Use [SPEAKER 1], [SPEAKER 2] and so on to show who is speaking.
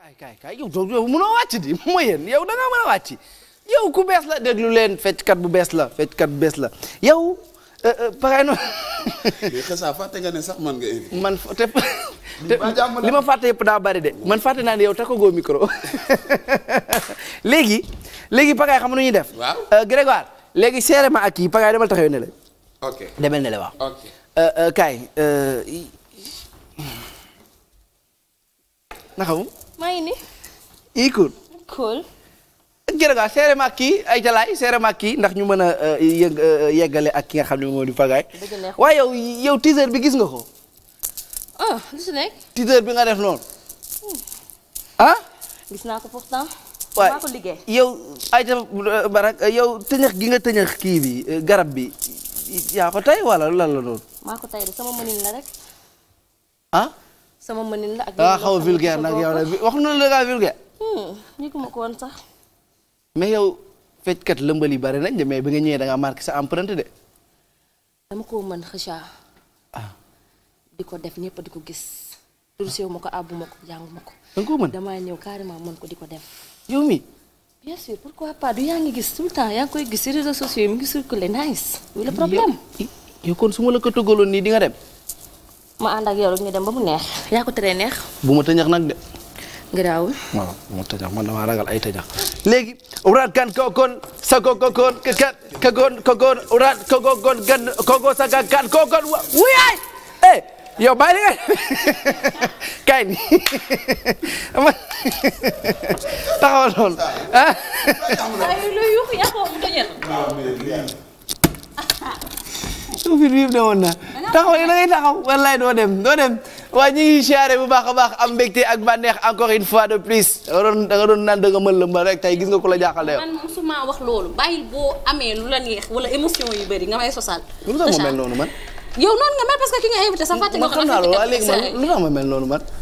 [SPEAKER 1] kaay kaay kaay yow toog yow mënoo wàcc di mooy yéen yow da nga a wàcc yow ku bees la déglu leen fecckat bu bees la fecckat bu bees la yow euh, euh, pare na. mais xasaa fàtte nga ne sax man nga invité. man te li ma fàtte yëpp daa bari de man fàtte naa ne yow takkagoo micro léegi léegi pagaay xam nu ñuy def. waaw euh, Grégoire léegi seere ma ak kii pagaay demal taxaw ne la. ok demal ne kaay. maa ngi ii cool. cool. jërëjëf seere ma ak kii ay jalaay seere ma kii ndax ñu mën a euh, yëg euh, yeggale ak ki nga xam ne moo di Pagaye. waaye yow yow bi gis nga ko. ah bi nga def noonu. Hmm. ah. gis naa ko pourtant. waaw maa yow Aïcha gi nga tëñax kii bi euh, garab bi yaa ko tey wala lan la doon. maa ko tey de sama mënin la rek. ah. sama mënin la ak. da ah, xaw a vulgaire nag yow wax na la ngaa vulgaire. Hmm, ñu ko ma sax. mais yow fecckat lëmbal yi bari nañ de mais bi nga ñëwee da mark marqué sa empreinte de. dama koo mën xëcaa. Ah. di ko def ñëpp di ko gis. tursew ma ko àbbu ma ko jàngu ma ko. da nga ko mën ñëw carrément mën ko di ko def. yow mi bien sûr pourquoi pas du yaa ngi gis tout le yaa ngi koy gis ci réseaux sociaux yi mu ngi circulé nice. wala problème yow kon su ma la ko tëggaloon nii di nga dem. ma ànd ak yow rek ñu dem ba mu neex. yaa ko teree neex. bu ma tëñax nag de. garaawul. waaw bu ma tëñax man damaa ragal ay tëñax. léegi. urat kan kogon sa sa gan kan wuyaay. eh yow bàyyi la kay ni ma taxawal loolu ah. waaw. suuf bi biir ne woon naa. taxaw yi da ngay taxaw wallaay doo dem doo dem waaye ñu ngi siyaare bu baax a baax am mbégte ak bànneex encore in fois de plus da nga doon naan da nga mën lëmbal rek tey gis nga ko la jaaxal de yow. man musuma wax loolu bàyyil boo amee lu la neex wala émotion yu bëri nga may sosal. lu tax ma mel noonu man. yow noonu nga mel parce que ki nga invité sax fàtte nga ko. ma xam naa loolu mel noonu man.